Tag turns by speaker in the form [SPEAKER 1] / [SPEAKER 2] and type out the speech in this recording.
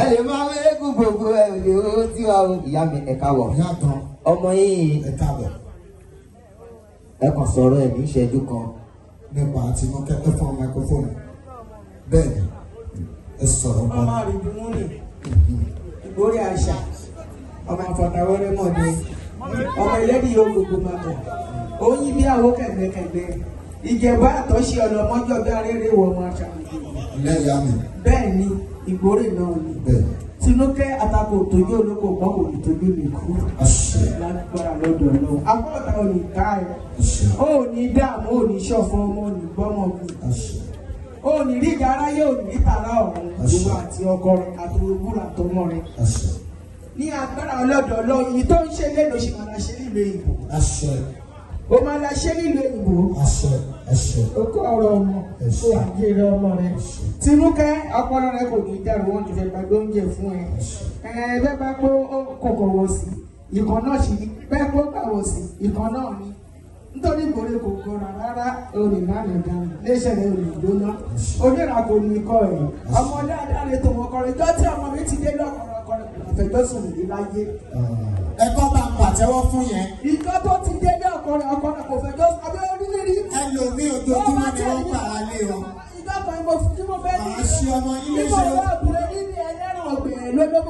[SPEAKER 1] ẹ lè máa wé kú gbogbo ẹ ò lè owó tí wàá o ìyá mi ẹ̀ka wọ̀ ọmọ yìí ẹ kàn sọ̀rọ̀ ẹ̀ ní ìṣẹ́jú kan. nípa àti mọ kẹ́kẹ́ fún microphone bẹ́ẹ̀ ni ẹ sọ̀rọ̀ mọ́. ọmọ rẹ̀ dùnmú ni ìgbórí àṣà ọmọ àfọ̀tàwọ́rẹ́ mọ̀ ni ọmọ ìlẹ́dìí yóò gbogbo máa bọ̀ ó yí bí àwọ̀ kẹ̀gbẹ́kẹ̀gbẹ́ ìjẹ̀bú àtọ́ṣe ọ̀nà ọmọjọ́ bí arére wọ ọmọ àṣà bẹ́ẹ̀ ni ìgbórè náà ni tinúkẹ́ àtakò tójú olóko gbọ́kò ìtòjú mi kú lágbára lọ́dọ̀ náà agbọ́dọ̀ ò ní ká ẹ̀ ó ní dààmú ò ní ṣọ̀fọ̀ ọmọ ò ní gbọ́mọ̀ bí ó ní rí ìjà aráyé ò ní tààrà ọ̀run ìwọ àti ọkọ rẹ àti ogún àtọmọ rẹ ní agbára ọlọ́dọ̀ ọlọ́yin tó ń ṣe lẹ́nu ṣì máa ṣe nílé ìbò o máa la ṣe nílùú òyìnbó o kọ ọ̀rọ̀ ọmọ o àjèrè ọmọ rẹ tinúkẹ ọpọlọ rẹ kò ní dàrú wọn ti fẹ́ gba gbóúnjẹ fún ẹ ẹ bẹ́ẹ̀ bá gbó kòkòrò sí ìkan náà sì ní bẹ́ẹ̀ gbó gbàwọ sí ìkan náà ní nítorí ìbòrè kò gbọra rárá olè lánàá dáná léṣẹlẹ olè gbóná onírà kò ní kọ ẹ ọmọ dáadáa lè tòun ọkọrin tó tí ọmọ mi ti dé lọkọrin ọkọrin àfẹjọsùn nìyí láyé. Ah. ẹ̀kọ́ bá ń pàtẹ́wọ́ fún yẹn. ìjọ tó ti mo fi tí mo fẹ́ nílé. àṣì ọmọ yín ló ṣe. bí mo wá àbúrò nílé ẹlẹ́rìn ọ̀gbìn lóbó.